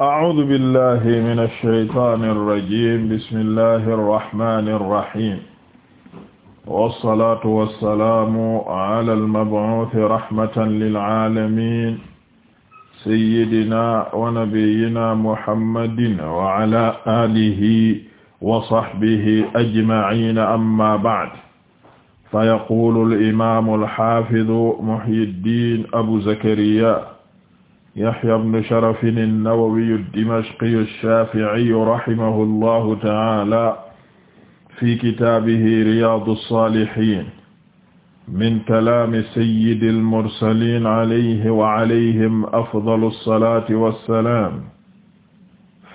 أعوذ بالله من الشيطان الرجيم بسم الله الرحمن الرحيم والصلاة والسلام على المبعوث رحمة للعالمين سيدنا ونبينا محمد وعلى آله وصحبه أجمعين أما بعد فيقول الإمام الحافظ محي الدين أبو زكريا Yahya ibn Sharaf an-Nawawi ad-Dimashqi ash-Shafi'i rahimahu Allahu ta'ala fi kitaabihi Riyaadu as-Saalihiin min kalaami sayyidil mursaliin alayhi wa alayhim afdalu as-salaati was-salaam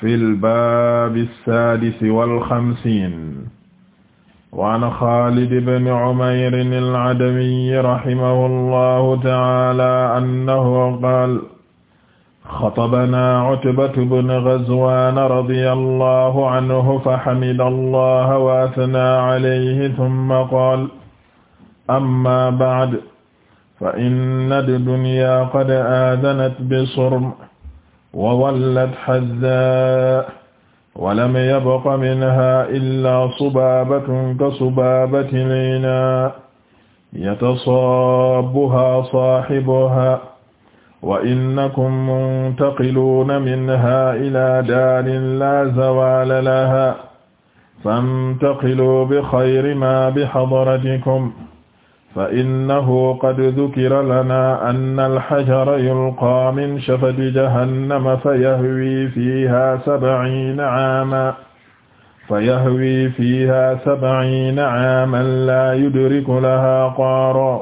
fil baabi as-saadis wal khamsiin wa an Xaalid ibn Umayr al-Adamiyyi rahimahu Allahu ta'ala annahu qaala xatabana cutbatu bnu gazwaan radiyallahu anhu faxamida allaha wa athnaa calayhi tumma qaala amma bacd fa inna ad-dunyaa qad aadanat bisurm wa wallat hazzaa wa lam yabqa minhaa illaa subaabatun kasubaabati linaa yatasaabuhaa saaxibuhaa wa innakum muntaqiluuna minha ila daarin la zawaala laha fantaqiluu bixayri ma bixadratikum fa innahu qad dukira lana anna alxajara yulqaa min shafati jahannama fayahwi fiiha sabciina caaman fayahwi fiiha sabciina caaman laa yudriku laha qaaro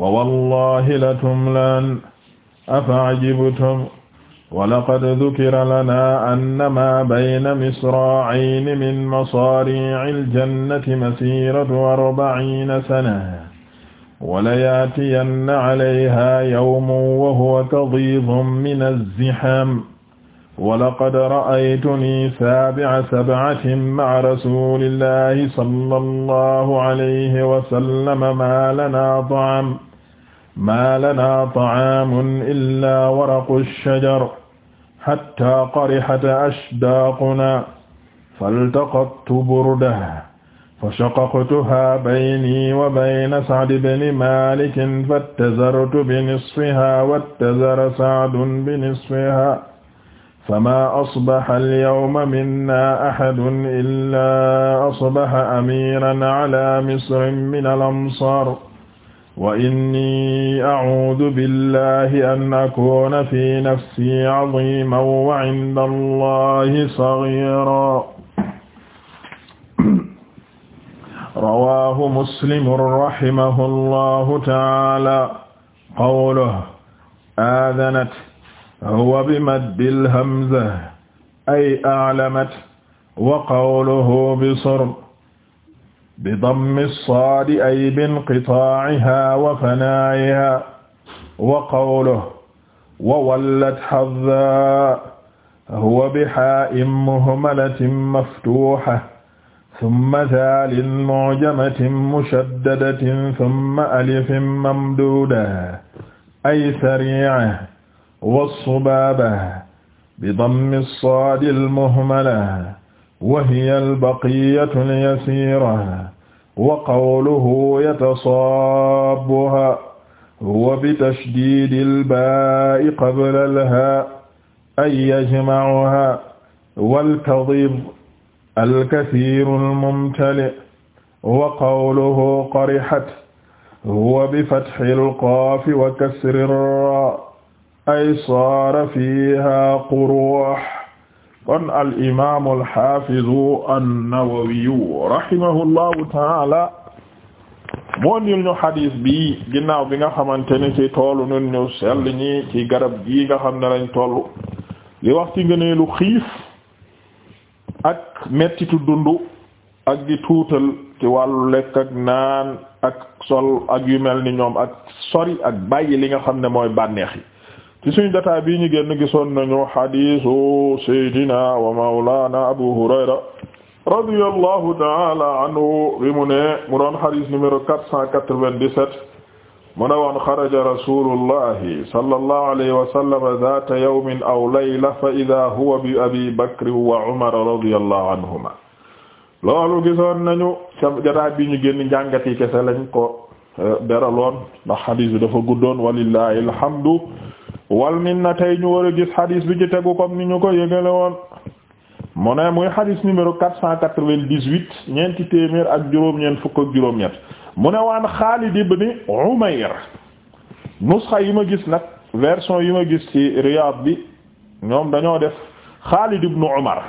wa wallahi latumlaan afa ajibtum wa laqad dhukira lana annama bayna misra'ayni min masari'il jannati masiratu arba'iina sana wa layaatiyanna 'alayha yawmun wa huwa kadidun min az-ziham wa laqad ra'aytuni saabi'a sab'atin ma'a rasulillahi sallallahu alayhi wa sallam ma lana ta'am maa lanaa ta'aamun illaa waraqu shajar hattaa qarihata ashdaaqunaa faltaqattu burdahu fashaqaqtuhaa baynii wa bayna Sa'd ibni Maalik fattazartu binisfihaa wattazara Sa'dun binisfihaa famaa asbaha al-yawma minnaa ahadun illaa asbaha amiiran alaa misrin mina al-amsaar wa inni a'uudu billahi an akuuna fi nafsi 'aziiman wa 'inda Allahi saghiiran rawaahu muslimun rahimahu Allahu ta'aala qawluhu aadanat huwa bimaddil hamza ay a'lamat wa qawluhu bisor بدم الصاد أي بانقطاعها وفنائها وقوله وولت حظا هو بحاء مهملة مفتوحة ثم ذال معجمة مشددة ثم ألف ممدودة أي سريعة والصبابة بضم الصاد المهملة wa hiya albaqiyatu lyasira wa qawluhu yatasaabuha wa bitashdidi albaai qabla alha an yajmacuha walkadib alkasiru almumtali wa qawluhu qarihat wa bifatxi alqaafi wa kasri ra ay saara fiha quruux kon al imaam al xaafizu an-Nawawiyu rahimahullahu moo nil ñu xadis bi ginnaaw bi nga xamante ne ci toolu nun ñu sell ñi ci garab gi nga xam ne lañ tollu li wax ci ngëneelu xiif ak mettitu dund ak gi tuutal ci wàllu lekk ak naan ak sol ak yu mel ni ñoom ak sori ak bàyyi li nga xam ne mooy bànneex yi ci suñu jotaay bii ñu génn gisoon nañu hadiisu Seydina wa Mawlana Abu Hurayra radiyallahu ta'ala anhu bi mu ne mu doon hadiis numéro 497 mu ne woon xaraja rasulullahi sallallahu alayhi wa sallam zaata yawmin aw layla fa idhaa huwa bi Abi Bakr wa Umar radiyallahu anhuma loolu gisoon nañu ca jotaay bii ñu génn njàngat yi kese lañ ko eh, beraloon ndax hadiis bi dafa guddoon walillahi alhamdu wal na tey ñu war a gis xadis bi ci tegu comme ni ñu ko yëgale woon mu ne muy xadis numéro quatre cent quatre-vingt-dix-huit ñeenti téeméer ak juróom-ñeent fukk ak juróom-ñett mu ne waan Xaalid ibn Umayr nusxa yi ma gis nag version yi ma gis ci Riyad bi ñoom dañoo def Xaalid ibn Umar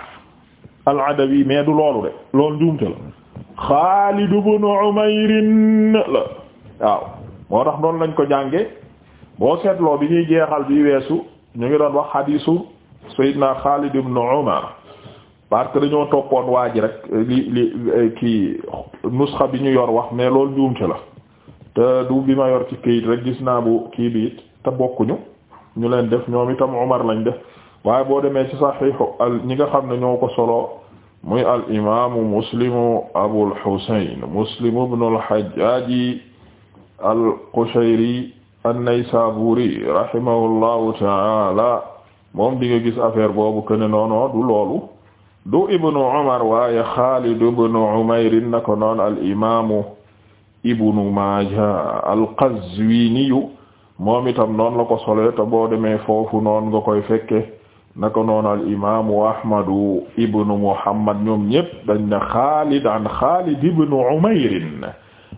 al-Adawi mais du loolu de loolu njuumte la Xaalid ibn Umayr la waaw moo tax noonu lañ ko jànge boo seetloo bi ñuy jeexal bi weesu ñu ngi doon wax xadiisu Seydina Xaalid ibn Umar parce que dañoo toppoon waa ji rek li li kii nusxa bi ñu yor wax mais loolu njuumte la te du bi ma yor ci këyit rek gis naa bu kii bi te bokkuñu ñu leen def ñoom itam Umar lañ def waaye boo demee ci saxiixu ñi nga xam ne ñoo ko solo muy al imaamu muslimu Abul Husayn muslimu ibnul Hajjaaji al Qushayri an-Naysaburi rahimahullahu taala moom dinga gis affaire boobu kene noono du loolu du ibnu Umar waaye Xaalid ibnu Umayr na ko noon al-imaamu ibnu Maaja al-Qazwiiniyu moom itam noonu la ko solo demee foofu noon nga koy fekke na ko noon al-imaamu Ahmadu ibnu Muhammad ñoom ñépp dañ ne Xaalid an Xaalid ibnu Umayr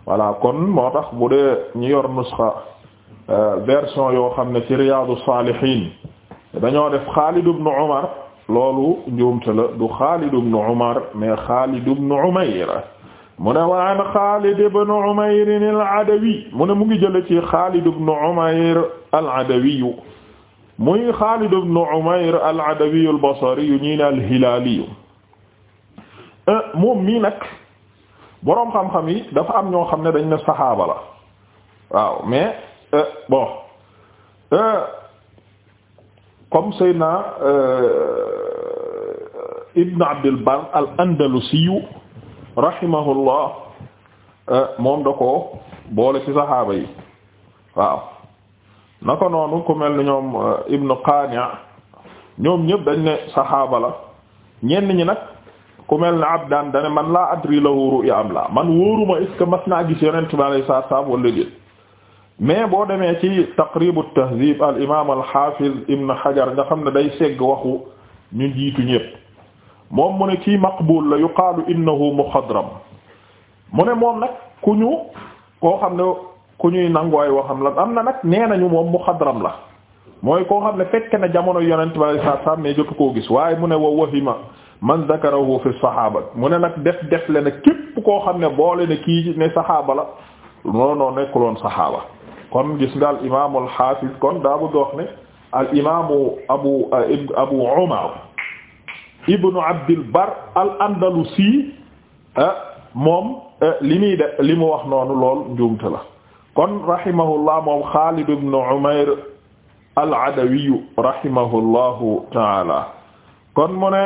voilà kon moo tax bu dee nusxa Euh, version yoo xam ne ci Riyadou Salihine dañoo def Khalid ibn Umar loolu njuumte la du Khalid ibn Umar mais Khalid ibn Umayr mu ne wa an mu ne mu ngi jële ci Khalid ibn Umayr al-Adawi muy Khalid ibn Umayr al-Adawi al-Basri yu ñii ne euh, mii nag boroom xam-xam yi dafa am ñoo xam ne dañ ne saxaabala la Euh, bon euh, sey naa euh, Ibn Abdul Bar al Andalusi rahimahullah moom da ko boole ci saxaaba yi waaw naka noonu ku mel ni ñoom Ibn Qani' ñoom ñëpp dañ ne saxaaba la ñenn ñi nag ku mel ne Abdaan dane man laa adri lahu ru'ya am la man wóoruma est-ce que mas naa gis yonent bi alayhi salaatu wa salaam walla déet mais boo demee ci taqribu tahdib al imam al hafiz ibn hajar nga xam ne day segg waxu ñu jiitu ñépp moom mu ne kii maqbul la yuqaalu innahu muxadram mu ne moom nag ku ñu koo xam ne ku ñuy nanguwaay waxam la am na nag nee nañu moom mu muxadram la mooy koo xam ne fekk na jamono yonent bi sallallahu alayhi wasallam jotu koo gis waaye mu ne wa wahima man zakarahu fi saxaaba mu ne nag def def le na képp koo xam ne boole ne kii ne saxaaba la non non nekkuloon saxaaba kon gis nga al imaamu al xaafis kon daa bëgg wax ne al imaamu abu eh, abu umar ibnu abdil al andalusi eh, moom eh, li muy def li wax noonu lool njuumte la kon rahimahullah moom xaalid ibnu umayr al adawiyu rahimahullahu taala kon mu ne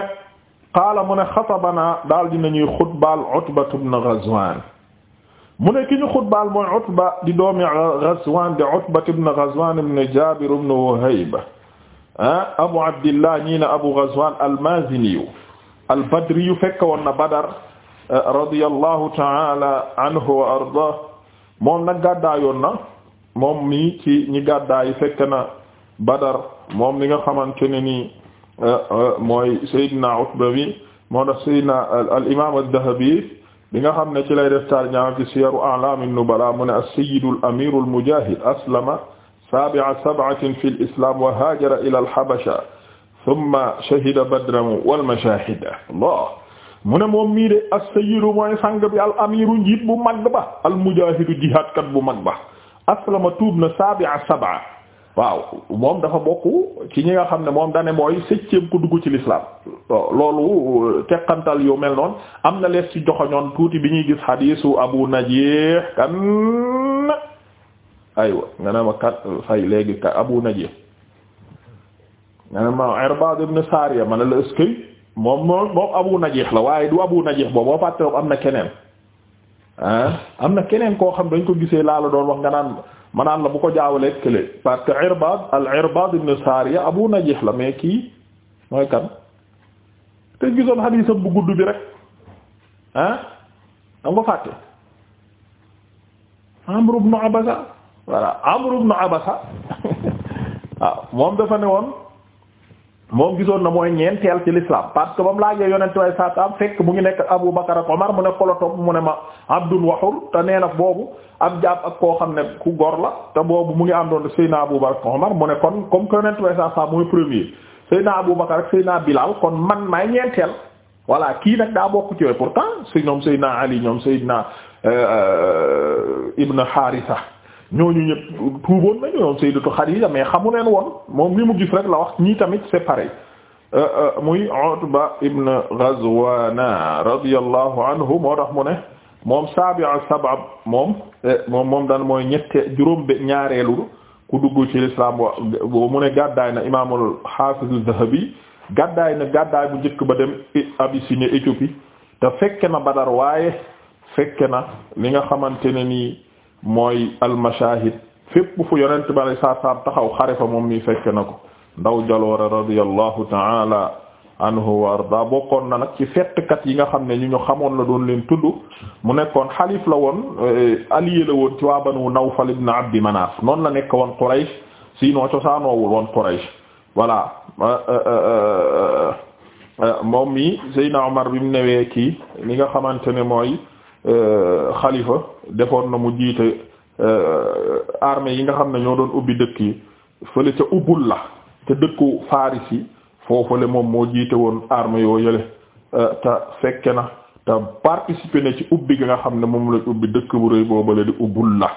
qaala mu ne xatabanaa daal dinañuy xutbaal utbatu ibnu mu nekk ki ñu xutbaal mooy Utba di doomi Ghazwan di Utba ibn Ghazwan ibn Jabir ibn Wahayb ah Abu Abdillah ñii Abu Ghazwan al-Mazini fekk woon na Badar eh, radiyallahu ta'ala anhu wa ardaah moom nag gàddaayoon na moom mii ñi gàddaay fekk na Badar moom li nga xamante ne nii eh, eh, mooy Seydina Utba bi moo tax al-Imam ad-Dhahabi bi nga xam ne ci lay def tarjama fi siyaru a'lam an-nubala mu ne as-sayyid al-amir al-mujahid aslama sabi'a sab'atin fi al-islam wa hajara ila al-habasha thumma shahida badran wal mashahid Allah mu ne moom mii de as-sayyid mooy sang bi al-amiru njiit bu mag ba al-mujahidu jihaadkat bu mag ba aslama tuub na sabi'a sab'a waaw moom dafa bokk ci ñi nga xam ne moom dane mooy septième ku dugg ci l'islam loolu teqantal yu mel noonu am na lees ci joxoñoon tuuti bi ñuy gis xadiisu abu najih kan aywa nga ne ma kat fay léegi kat abu najih nga ne ma irbad ibn sariya ma ne la ëskëy moom moom moom abu najih la waaye du abu najih boobu boo fàtte am na keneen ah am na keneen koo xam dañ ko gisee laa la doon wax nga naan ma naan la bu ko jaawalee kële parce que Irbad al Irbad ibn Sariya Abu Najih la mais kii mooy kan te gisoon xadiisam bu gudd bi rek ah danga ko fàtte Amr ibn Abasa voilà Amr ibn Abasa waaw moom dafa woon moom gisoon na mooy ñeenteel ci l'islam parce que ba mu laajee yonent way saa saam fekk mu ngi nekk Abu Bakar ak Omar mu ne ko la mu ne ma abdun waxul te nee na boobu ab jàpp ak koo xam ne ku gor la te boobu mu ngi àndoon Seyna Abu Bakar ak Omar mu ne kon comme que yonent way saa saam mooy premier Seyna Abu Bakar ak Seyna Bilal kon man maay ñeenteel voilà kii nag daa bokk ci yooyu pourtant si ñoom Seyna Ali ñoom Seyna euh, euh, Ibn Haritha ñooñu ñëpp tuuboon nañu ñoom Sayyidatu Xadiija mais xamu leen woon moom mi mu gis rek la wax ñii tamit c'est pareil euh, euh, muy Utba ibn Ghazwana radiyallahu anhu moo tax mu ne moom sabi'a sab'ab euh, moom moom moom daan mooy ñette juróom be ñaareelu ku dugg ci l'islam bo mu ne gàddaay na imaamul Hafiz az-Zahabi gàddaay na gàddaay bu njëkk ba dem Abyssinie Éthiopie te fekke na Badar waaye fekke na li nga xamante ne nii mooy almashahid fépp fu yonent bari saa taxaw xare fa moom mi fekk na ko ndaw jaloore radiyallahu taala anhu wa arda bokkoon na nag ci fettkat yi nga xam ne ñu ñu xamoon la doon leen tudd mu nekkoon xalif la woon eh, allié la woon ci waa banu Nawfal ibn Abdi Manaaf noonu la nekk woon Quraysh sinon cosaanoowul woon Quraysh voilà euh, euh, euh, moom mi Seydina Omar bi mu newee kii li nga xamante ne mooy xalifa euh, defoon na mu jiite euh, armée yi nga xam ne ñoo doon ubbi dëkk yi fële ca ubbul la te dëkku Faris yi foofale moom moo jiite woon armée yoo yële euh, te fekke na te participer na ci ubbi gi nga xam ne moom la ubbi dëkk bu rëy boobale di ubbul la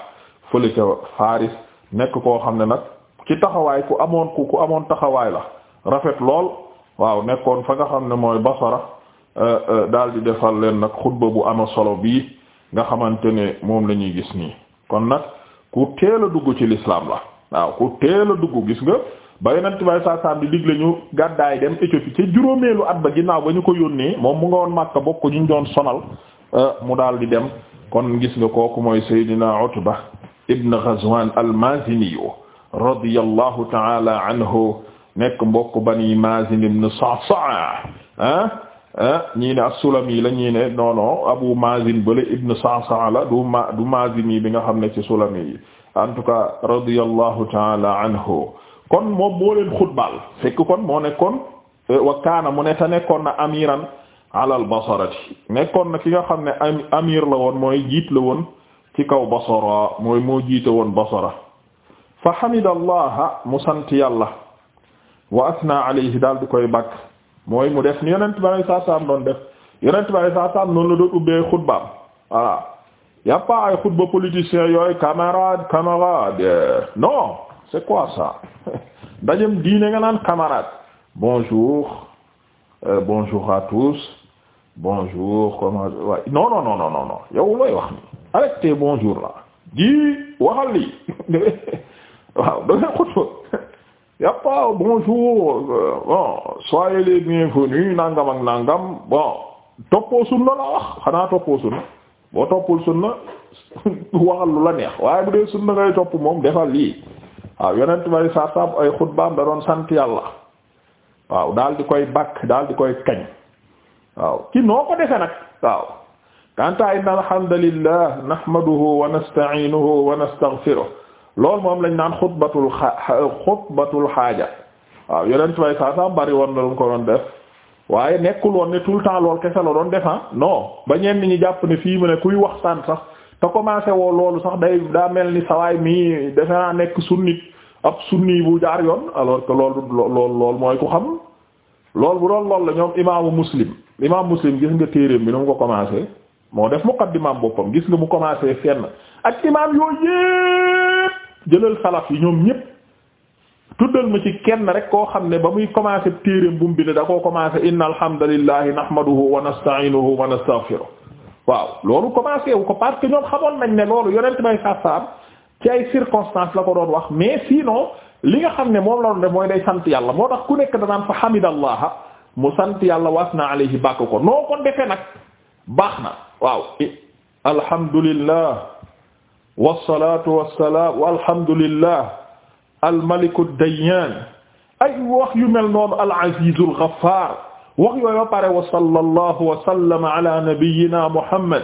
fële ca Faris nekk koo xam ne nag ci taxawaay ku amoon ku amoon taxawaay la rafet lool waaw nekkoon fa nga xam ne mooy Basra Euh, euh, daal di defal leen nag xutba bu ama solo bii nga xamante ne moom la ñuy gis nii kon nag ku teel a dugg ci l'islam la waaw ku teel a dugg gis nga bay yonent bay saasaam di digle ñu gàddaay dem Éthiopie ca juróomeelu at ba ginnaaw ba ñu ko yónnee moom mu nga woon Makka bokk ñu doon sonal euh, mu daal di dem kon gis nga kooku mooy Seydina Utba ibn Ghazwan al-Mazini radiyallahu ta'ala anhu nekk mbokk bani Mazin ibn Sa'sa'a ñii ne as-Sulami la ñii ne non non Abu Mazin bële Ibn Sa'sa'a la du ma du Mazin yi bi nga xam ne ci Sulami yi en tout cas radiyallahu ta'ala anhu kon moom moo leen xutbal fekk kon moo nekkoon eh, wa kaana mu ne te nekkoon na amiran ala al-basarati nekkoon na ki nga xam ne amir la woon mooy jiit la woon ci kaw basara mooy moo jiit woon basara fa hamida allaha mu sant yàlla wa asna alayhi daal di koy bakk mooy mu def ni yonent bi alayhi salaam doon def yonent bi alayhi salaam noonu la doon ubbee xutbaam voilà y'a pas ay xutba politicien yooyu camarade camarade non c'est quoi ça dajem diine nga naan camarade bonjour euh, bonjour à tous bonjour comment waay non non non non non non yow looy wax ni arrêtez bonjour là di waxal lii waaw da ngay xutba yappa bonjour euh, bon soyez les bienvenus nangam ak nangam bon toppoo sunna la wax xanaa toppoo sunna boo toppul sunna waxal lu la neex waaye bu dee sunna ngay topp moom defal lii waaw yonent bay sarsab ay xutbaam da doon sant yàlla waaw daal di koy bakk daal di koy kañ waaw ci noo ko defe nag waaw kanta inna alhamdulillah nahmaduhu wa nasta'inuhu loolu moom lañ naan xutbatul xa xutbatul xaaja waaw yeneen way saa saa bari woon la lu mu ko doon def waaye nekkul woon ne tout le temps lool kese la doon def ah. non ba ñenn ñi jàpp ne fii mu ne kuy waxtaan sax te commencé woo loolu sax day daa mel ni sawaay mii defe naa nekk sunnit ab sunni bu jaar yoon alors que loolu loolu loolu mooy ku xam loolu bu doon lool la ñoom imaamu muslim imaamu muslim gis nga téereem bi nu mu ko commencé moo def muqaddimaam boppam gis nga mu commencé fenn jëlal salaf yi ñoom ñépp tuddal ma ci kenn rek koo xam ne ba muy commencé téereem bu mu bind da koo commencé inna alhamdulillahi nahmaduhu wa nasta'inuhu wa nastaghfiruh waaw loolu commencé wu ko parce que ñoom xamoon nañ ne loolu yonent may saasaam ci ay circonstances la ko doon wax mais sinon li nga xam ne moom la doon def mooy day sant yàlla moo tax ku nekk danaan fa hamidallaha mu sant yàlla was na alayhi bàkk ko noo ko defee nag baax na waaw alhamdulillah wasalaatu wasalaam walhamdulillah almaliku dayyaan ay wax yu mel noonu al-aziizul ghaffaar wax yooyu ba pare wa sallallahu wa sallama ala nabiyyina muhammad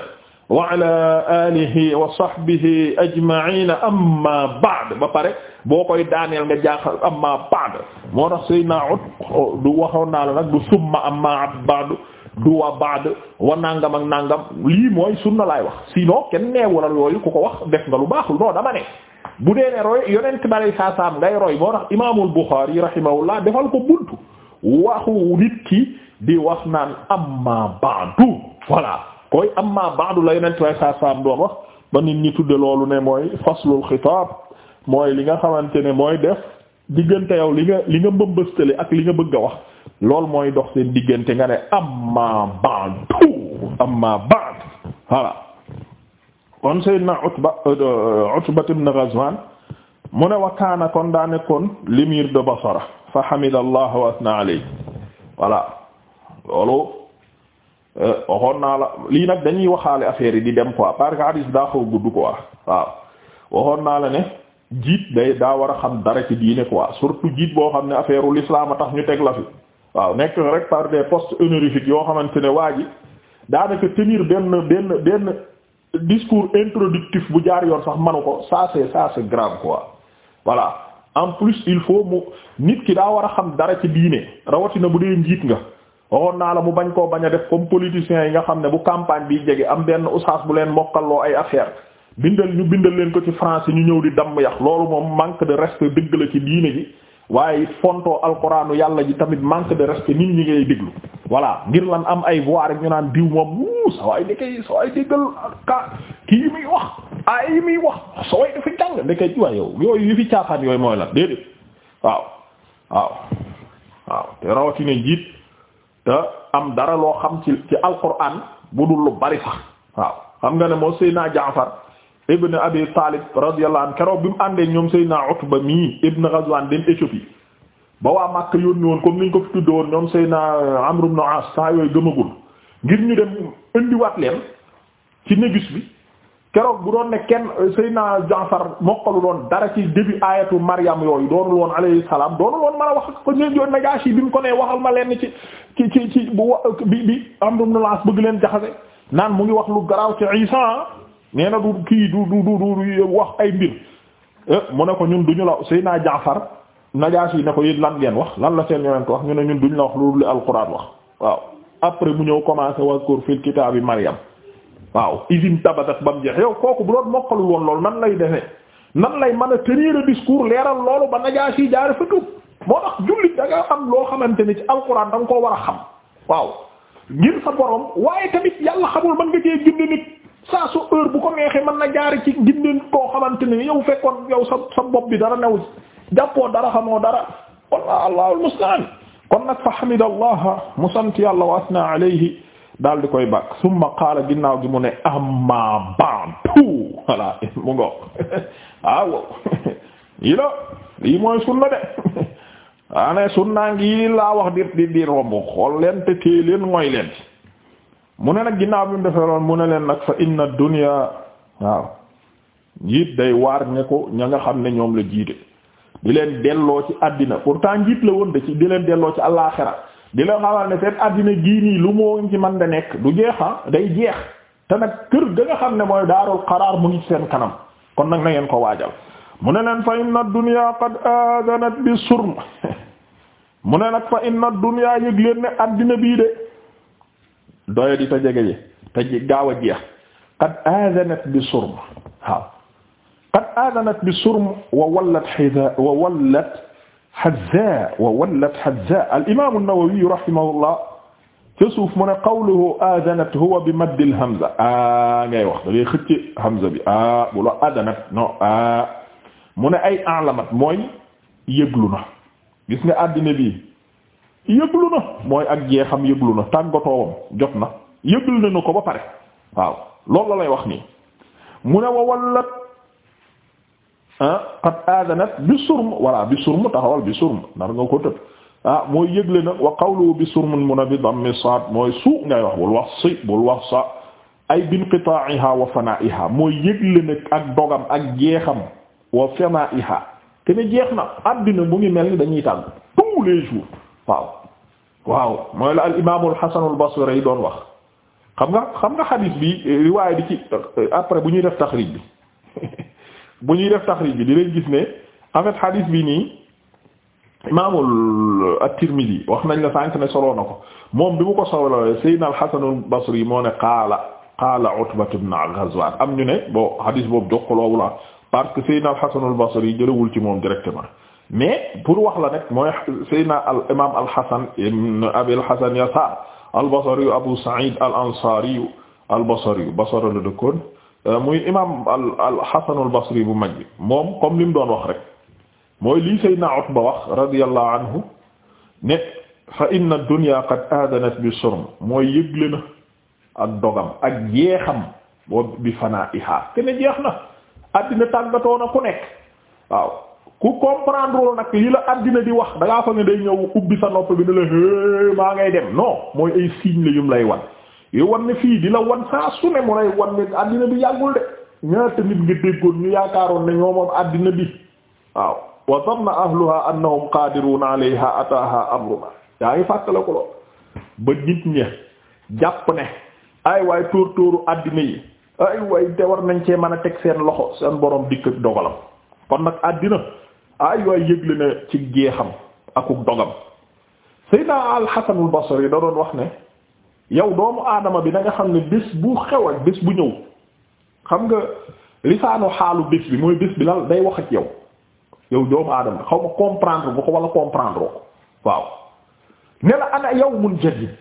wa ala alihi wa sahbihi ajma'ina amma ba'd ba pare boo koy daaneel nga jaaxal amma ba'd moo tax Seydina ut du waxoon naa la nag du summa amma ba'd du wa baad wa nangam ak nangam lii mooy na laay wax sinon kenn neewu la yooyu ku ko wax def nga lu baaxul non dama ne bu dee ne roy yonent bi alay saa saam ngay roy moo tax imaamul Buxaari rahimahullah defal ko buntu waxu nit ki di wax naan amma baadu voilà koy amma baadu la yonent bi alay doon wax ba nit ñi tudde loolu ne mooy faslul xitaab mooy li nga xamante ne mooy def diggante yow li nga li nga mbëmbëstale ak li nga bëgg a wax loolu mooy dox seen diggante nga ne amma ba'du amma ba'd voilà kon sayyidna Utba euh, Utba ibn Ghazwan mu ne wa kon daa nekkoon l'émir de Basra fa hamida wa asna alayhi voilà loolu euh, waxoon naa la lii nag dañuy waxaale affaire yi di dem quoi parce que daa xaw gudd quoi waaw waxoon naa la ne jiit day daa wara xam dara ci diine quoi surtout jiit boo xam ne affaire u a tax ñu teg la fi waaw nekk rek par des postes honorifiques yoo xamante ne waa ji daanaka tenir benn benn benn discours introductif bu jaar yoon sax manu ko ça c'est ça c'est grave en plus il faut mu nit ki daa war a xam dara ci diine rawatina bu dee njiit nga waxoon naa la mu bañ koo bañ a def comme politiciens yi nga xam ne bu campagne bi jege am benn oustaz bu leen mokkaloo ay affaire bindal ñu bindal leen ko ci français ñu ñëw di damm yax loolu moom manque de respect dëgg la ci diine ji waaye it fontoo alquranu yàlla ji tamit manque de respect nit ñi ngay déglu voilà ngir lan am ay voix ñu naan diw moom mu sa waay ndekay sa waay déggal ka kii muy wax ay yi muy wax sa waay dafa jàng ndekay waay yow yooyu yi fi caafaan yooyu mooy lan déedéet waaw waaw waaw te rawatina jiit te am dara loo xam ci ci alquran bu dul lu bari sax waaw xam nga ne moo Seydina Jaafar ibn abi talib radiyallahu keroog bi mu àndee ñoom Seydina Utba mii ibn Ghazwan dem Éthiopie ba waa Makka yónni woon comme niñ ko fi tudde woon ñoom Seydina Amr ibn As saa yooyu gëmagul ngir ñu dem indiwaat leen ci négus bi keroog bu doon ne kenn Seydina Jaafar mokkalu doon dara ci début ayatu Maryam yooyu doonul woon alayhi doonul woon mën a wax ko ñu joon Najaashi bi mu ko nee waxal ma leen ci ci ci bi bi Amr ibn As bëgg leen jaxase naan wax lu nee na du kii du du du wax ay mbir eh, mu ne ko ñun du duñu la naa Jaafar Najaasi yi ne ko yéen lan ngeen wax lan la seen yonent wax ñu ne ñun du duñ la wax loolu li alquran wax waaw après mu ñëw commencé wazkur fil kitaabi Maryam waaw isim tabatat ba mu jeex yow kooku bu doon mokkalul woon loolu nan lay defee nan lay mën a tenir a discours leeral loolu ba Najaasi yi jaare fa tuub moo tax jullit da am loo xamante ni ci alquran da nga koo war a xam waaw ngir sa borom nga cee junni saa su heure bu ko neexee mën na jaar ci gindin koo xamante ne yow fekkoon yow sa sa bopp bi dara new jàppoo dara xamoo dara wallah allahul mustaan kon nag fa hamidallah mu sant yàlla wa asna alayhi daal di koy bàkk summa qaala ginnaaw gi mu ne amma ba'du voilà mu la ah, lii mooy sunna de waane sunna laa wax dir di di romb xool leen te leen mu ne nag ginnaaw bi mu defee loon mu ne leen nag fa inna dunya waaw njiit day waar ña ko ña nga xam ne ñoom la jiite di leen delloo ci àddina pourtant njiit la woon de ci di leen delloo ci àllaaxira di leen xamal ne seen àddina gii nii lu moo ci man da nekk du ah day jeex te nag kër xam ne mooy daarul mu ngi ci seen kanam kon nag na ngeen ko waajal mu ne leen fa inna dunya qad adanat bi mu ne nag fa inna dunya yëg leen ne àddina bii de doya di ta jege ji te gaaw a jeex qad aadanat bi surm waaw qad aadanat bi surm wa wallat hiza wa wallat hazza wa wallat hazza al imam an-Nawawi rahimahullah huwa bi madd al hamza a ngay wax da ngay xëcc hamza bi a bu la aadanat non a mu ne ay alamat mooy yëglu na gis nga àddina bi yëglu na mooy ak jeexam yëglu na tàngatoowam jot na yëglu na nu ko ba pare waaw loolu la lay wax nii mu ne wa wallat ah, qad aadanat bi surm walla bi surm taxawal bi surm nar nga ko tëb ah mooy yëgle na wa qawlu bi surmun mun a bi dammi saad mooy suu ngay wax bul wax si bul wax sa ay bin qitaa'iha wa fanaa'iha mooy yëgle na ak dogam ak jeexam wa fanaa'iha te ne jeex na àddina mu ngi mel ni dañuy tàgg tous les jours waaw waaw mooy la al imaamul Hasanul doon wax xam nga xam nga xadiis bi eh, riwaay di ci eh, après bu ñuy def taxrij bi bu ñuy def taxrij bi di leen gis ne en fait xadiis bi nii imaamul at-Tirmidhi wax nañ la sànk ne soloo na ko moom bi mu ko soloo Seydina al-Hasanul yi moo ne qaala qaala Utba ibn am ñu ne bo xadiis boobu jox ko loolu la ah, parce que Seydina al-Hasanul Basri yi jëlawul ci moom directement mais pour wax la nag mooy Seydina al imaam al Hasan ibn Abi al Hasan Yasaar al Basri Abu Sa'id al Ansari al Basri Basra la euh, muy imaam al bu mag bi moom comme li mu doon wax rek mooy lii Seydina Utba wax radiyallahu anhu ne fa inna ad-dunya qad bi surm mooy yëgle na ak dogam ak jeexam boobu bi fanaa'iha kenn jeex na àddina tàggatoo na ku nekk waaw. ku comprendre loolu nag li la àddina di wax da fa ne day ñëw ubbi sa nopp bi ne la hee maa ngay dem noo mooy ay signe la lay wan yu wan ne fii di la wan saa ne mu lay wan ne àddina bi yàggul de ñaata nit nga déggoon ñu yaakaaroon moom àddina bi waaw wa zanna ahluha annahum qadiruna alayha ataha amruna yaa ngi fàttale ko lool ba nit ñi jàpp ne ay waay tóor tóoru àddina yi ay waay te war nañ cee mën a teg seen loxo seen borom dikk dogalam kon nag àddina ay waay yëgle na ci jeexam akuk dogam Seydina al-Hasanul Basri da doon wax ne yow doomu aadama bi da xam ne bés bu xew ak bés bu ñëw xam nga lisaanu xaalu bés bi mooy bés bi lan day wax ak yow yow doomu aadama xaw ma comprendre bu ko wala comprendre ko waaw ne la ana yawmun jadid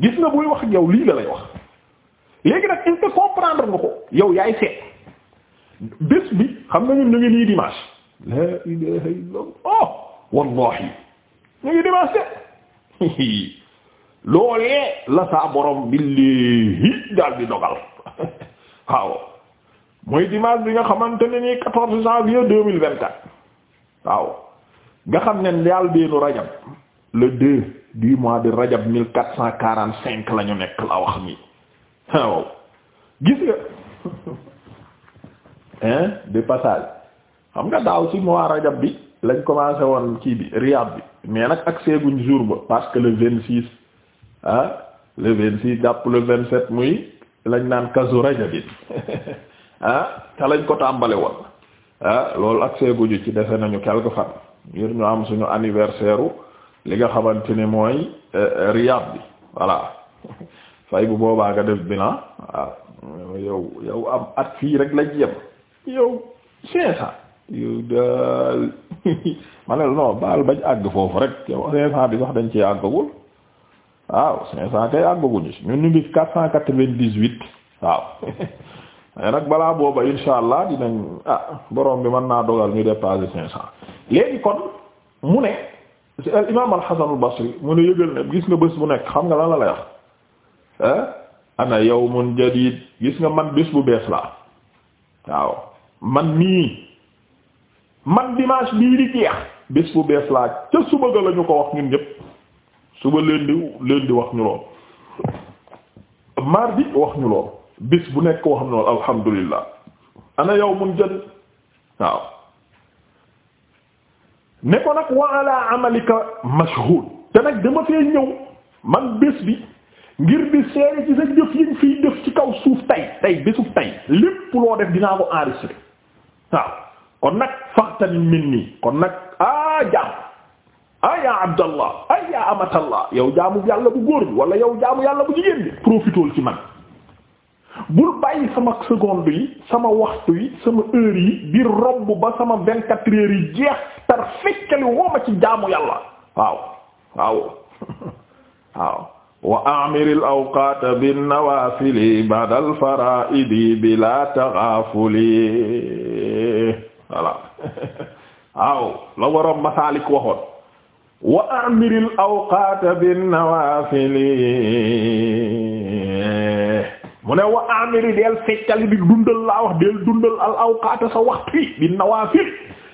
gis nga buy wax ak yow lii la lay wax léegi nag est-ce que comprendre nga ko yow yaay seet bés bi xam nga ñun ñu nii dimanche la ilaha illallah oh, wallahi ñu ngi dimanche de loolee la saa borom billahi daal di dogal waaw mooy dimanche bi nga xamante ne nii quatorze janvier deux mille vingt quatre waaw nga xam ne daal beenu rajab le deux du mois de rajab mille quatre cent quarante cinq la ñu nekk la wax mi waaw gis nga hein de passage xam nga daaw ci mois rajab bi lañ commencé woon kii bi Riyad bi mais nag ak seguñ jour ba parce que le vingt six ah le vingt six jàpp le vingt sept muy lañ naan kasu rajabin ah te lañ ko tàmbale woon ah loolu ak seguñu ci dese nañu quelque fan ngir ñu am suñu anniversaire li nga xamante ne mooy euh, Riyad bi voilà fay bu boobaa nga def bilan waaw yow yow am at fii rek lañ yem yow cinq cent yu daal ma ne baal bañ àgg foofu rek yow cinq cent bi sax dañ ci àggagul waaw cinq cent kay àggaguñu ñun ñu ngi quatre cent quatre-vingt-dix-huit waaw mais nag balaa booba insha allah dinañ ah borom bi mën naa dogal ñu dépasser cinq cent léegi kon mu ne si al imaam al Hasan al Basri mu ne yëgal ne gis nga bés bu nekk xam nga lan la lay wax eh? ana yawmun jadid gis nga man bés bu bees la waaw man mii man dimanche bii di jeex bés bu bees laa ca suba ga la ñu ko wax ñun ñëpp suba lundi lundi wax ñu lool mardi wax ñu lool bés bu nekk wax ñu lool alhamdulilah ana yawmun jadid waaw ne ko nag wa ala amalika mashhud te nag dama fee ñëw man bés bi ngir di seere ci sa jëf yi fiy def ci kaw suuf tey tey bésub tey lépp loo def dinaa ko enregistrer waaw kon nag faxtani minni kon nag ah jaam ah yaa abdallah ah yaa amatallah yow jaamu yàlla bu góor bi wala yow jaamu yàlla bu jigéen bi profitool ci man bul bàyyi sama seconde yi sama waxtu yi sama heure yi di romb ba sama vingt quatre heures yi jeex tar fekkali wooma ci jaamu yàlla waaw waaw waaw wa amiril awqaata bin nawaafili ba'dal faraa'idi bila taghafuli voilà waaw la waroon masaalik waxoon wa amiril awqaata bin nawaafili mu ne wa amiri del feccali di dundal laa wax del dundal al sa waxtu yi bin nawaafili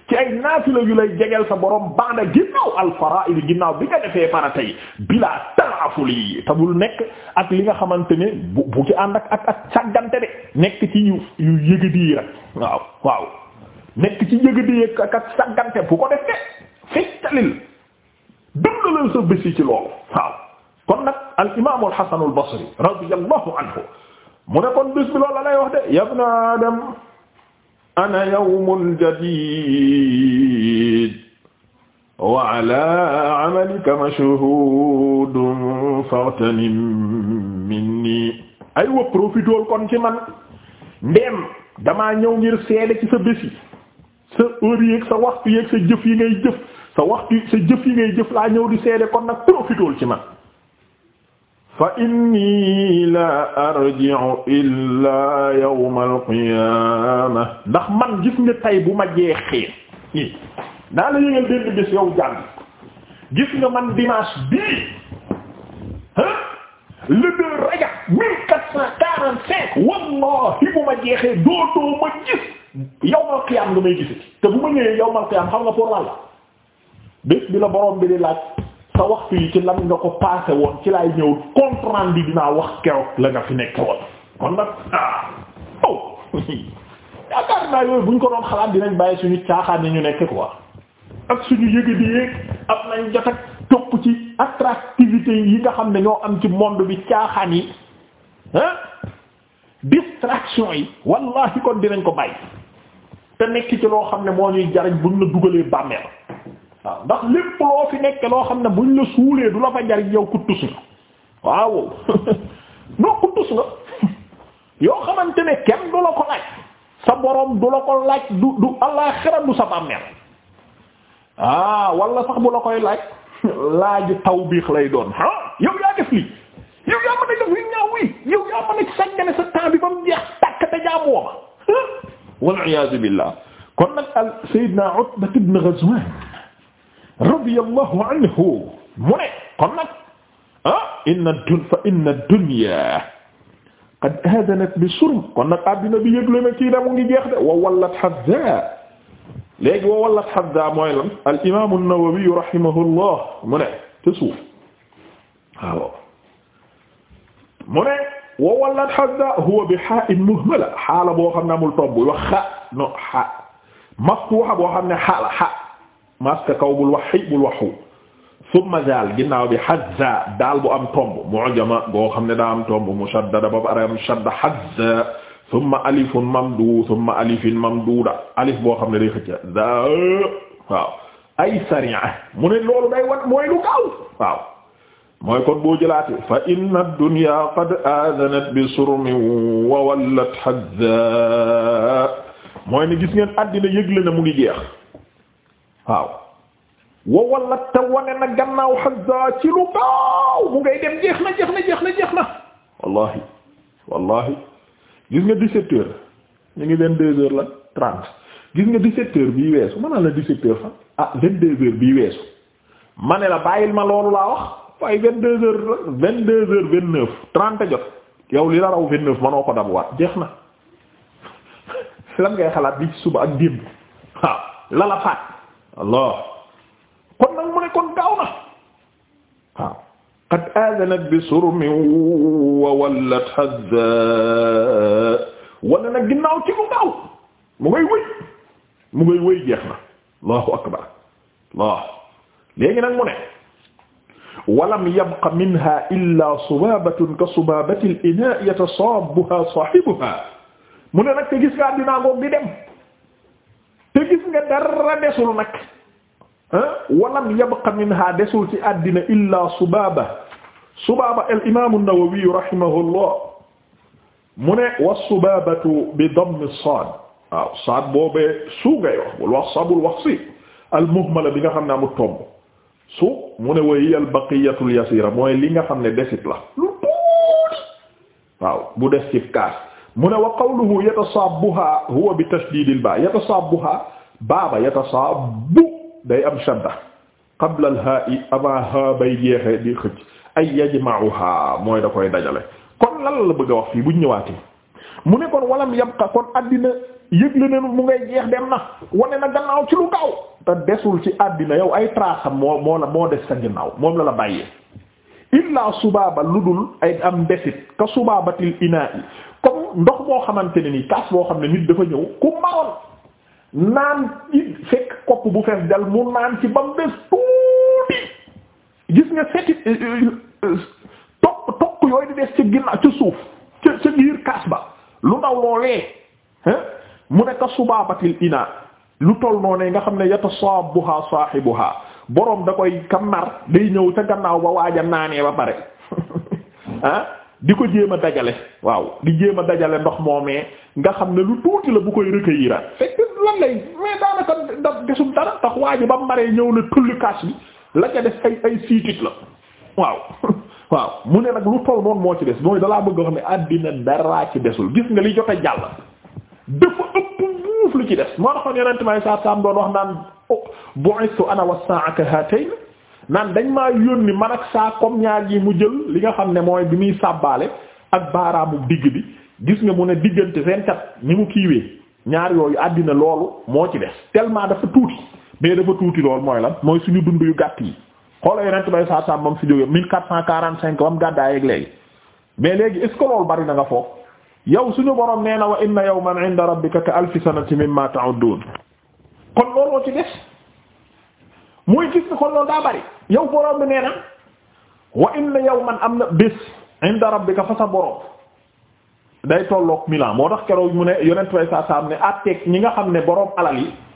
ci ay naafila yu lay jegeel sa borom baana ginnaaw al faraa'id ginnaaw bi nga defee farata yi bilaa tarafuli te nekk ak li nga xamante ne bu bu ci ànd ak ak ak de nekk ci yu yu yëgadi rek waaw waaw nekk ci yëgadi ak ak saggante bu ko def de fectalil dundalal sa bési ci loolu waaw kon nag al imaamu al hasan al basri radiyallahu anhu mu ne kon bés bi loolu la lay wax de yabna adam ana yawmun jadid wa ala amalika mashhudun fagtanim minni ay wa profitool kon ci man ndeem damaa ñëw ngir seede ci sa bési sa heure yeeg sa waxtu yeeg sa jëf yi ngay jëf sa waxtu sa jëf yi ngay jëf laa ñëw di seede kon nag profitool ci man fa inni la arji'u illa yawm al-qiyamah ndax man gis nga tey bu ma jeexee i daa la yëgal benn bés yow jàng gis nga man dimanche bii ah le deux Rajab mille quatre cent quarante-cinq wallahi bu ma jeexee dootoo ma gis yawmal qiyaam nga may te bu ma ñëwee yawmal qiyaam xam nga pour lan la bés bi la borom bi di laaj sa waxtu yi ci lan nga ko passé woon ci laay ñëw compte rendu dinaa wax keroog la nga fi nekk woon kon nag ah oh yaakaar naa yooyu buñ ko doon xalaat dinañ bàyyi suñu caaxaan yi ñu nekk quoi ak suñu yëg di yéeg am nañ jot ak topp ci attractivité yi nga xam ne ñoo am ci monde bi caaxaan yi ah distraction yi wallahi kon dinañ ko bàyyi. te nekk ci loo xam ne moo ñuy jariñ buñ la dugalee bàmmeel waaw ndax lépp loo fi nekk loo xam ne buñ la suulee du la fa jariñ yow ku tus nga waaw noo ku tus nga yoo xamante ne kenn du la ko laaj sa boroom du la ko laaj du du àllaaxira du sa bàmmeel ah wala sax bu la koy laaj laaju tawbiix lay doon ah yow yaa def lii yow yaa mën a def li ñaaw wi yow yaa mën a sàggane sa temps jeex tàkk te jaamu ma wal iyaazu billah kon nag al Seydina Utba ibn Ghazwan radiyallahu anhu mu ne kon nag ah inna dun fa inna dunya qad adanat bi surm kon nag addina bi yëgle na kii da mu ngi jeex de wa wallat hadda léegi wa wallat hadda mooy lan al imam an-Nawawi rahimahullah mu ne te suuf waaw mu ne wa wallat hadda huwa bi ha'in muhmala xaala boo xam ne amul tomb wax xa no xa maftuha boo xam ne xaala xa maska kaw bul wax xi bul waxu summa zaal ginnaaw bi hazza daal bu am tomb mu'jama boo xam ne daa am tomb mushaddada ba pare am shadda hazza summa alifun mamduud summa alifin mamduuda alif boo xam ne day xëcc ay sari'a mu ne loolu day wat mooy lu gaaw waaw mooy kon boo jëlaatee fa inna ad-dunya qad aadanat bi surmin wa wallat hadza mooy ne gis ngeen àddina yëgle na mu ngi jeex waaw wa wallat te wane gannaaw hadza ci lu gaaw mu ngay dem jeex na jeex na jeex na wallahi wallahi gis nga 17 ñu ngi 22 heures la 30 gis nga 17 heures bii weesu ma ne la ah bii weesu ma ne la bàyyil ma loolu laa wax waaye vint deux heures vingt neuf trente jot yow li la raw vingt neuf mënoo ko dabuwaat jeex na lan xalaat li ci suba ak démb waaw la allah kon nag mu ne kon gaaw na waaw qad aadanat bi surmin wa wallat hadda wala nag ginnaaw ci lu gaaw mu ngay wëy mu ngay wëy jeex na allahu akbar allah léegi nag mu ne walam yabqa minha illa subaabatun ka subaabati al-inaa yatasaabuha saahibuha mu ne nag te gis nga àddina ngoog di dem te gis nga dara desul nag walam yabqa minha desul ci àddina illa subaaba subaaba al-imaam an-Nawawi rahimahullah mu ne wa subaabatu bi dammi saad waaw saad boobee suugay wax bul wax sa bul wax si al-muhmala bi nga xam ne amul tomb su mu ne way yal baqiyatul yasira mooy li nga xam ne desit la lu tuuti waaw bu des ci kaas mu ne wa qawluhu yatasaabuha huwa bi tashdidil ba yatasaabuha baaba yatasaabu day am shadda qabla al ha'i avant ha bay jeexee di xëcc ay yajma'uha mooy da koy dajale kon lan la bëgg a bu fii buñ ñëwaatee mu ne kon walam yabqa kon àddina yëgle ne mu ngay jeex dem na wane na gannaaw ci lu gaaw te desul ci àddina yow ay traasam moo moo la moo des sa ginnaaw moom la la bàyyee illaa subaaba lu dul ay am ndesit ka subaabatil inaa i comme ndox moo xamante ne ni kaas boo xam ne nit dafa ñëw ku maroon naan i fekk kopp bu fees dal mu naan ci ba mu des tuuti gis nga setti toq toq yooyu di des ca ginnaaw ca suuf ca ca biir kaas ba lu ndaw loolee mu ne ka subaabatil ina lu toll noonee nga xam ne yatasaabuha saahibuha boroom da koy kam nar day ñëw ca gannaaw ba waaja naanee ba pare ah di ko jéem a dajale waaw di jéem a dajale ndox moomee nga xam ne lu tuuti la bu koy recueillir fekk la lay mais daanaka daf desum dara tax waaji ba mu maree ñëw na tulli kaas bi la ca def ay ay siitit la waaw waaw mu ne nag lu toll noonu moo ci des mooy dalaa bëgg a xam ne àddina daraa ci desul gis nga li jot a jàll dafa ëpp lu ci des moo taxoon yonent saa saam doon naan oh, bu'istu ana was-sa'a ka hatayn naan dañ maa yónni man ak saa comme ñaar yi mu jël li nga xam ne mooy bi muy sàbbaale ak baaraamu digg bi gis nga mu ne diggante seen kat ni mu kiiwee ñaar yooyu àddina loolu moo ci des tellement dafa tuuti mais dafa tuuti loolu mooy la mooy suñu dund yu gàtt yi xoola yonent bay saa saam ba mu fi jógee mille quatre cent quarante cinq ba mu gàddaay ak léegi mais léegi is ce loolu bari na nga foog yow suñu boroom nee na wa inna yawman 'inda rabbika ka alfi sanati mimma ta'uddun kon looloo ci des muy gis ni kon daa bari yow borom bi nee na wa inna yawman am na bés 'inda rabbika fa sa borom day tolloog milan moo tax keroog mu ne yonent bay saa saam ne àtteeg ñi nga xam ne borom alal yi.